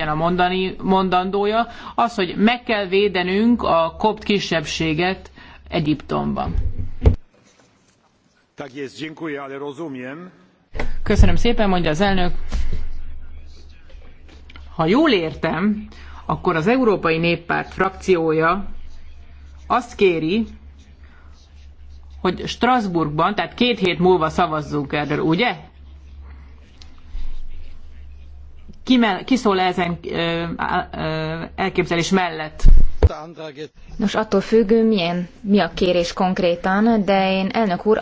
legyen a mondani, mondandója, az, hogy meg kell védenünk a kopt kisebbséget Egyiptomban. Köszönöm szépen, mondja az elnök. Ha jól értem, akkor az Európai Néppárt frakciója azt kéri, hogy Strasbourgban, tehát két hét múlva szavazzunk erről, ugye? kimel, kiszól -e ezen elképzelés mellett? Nos, attól függ, milyen, mi a kérés konkrétan, de én elnök úr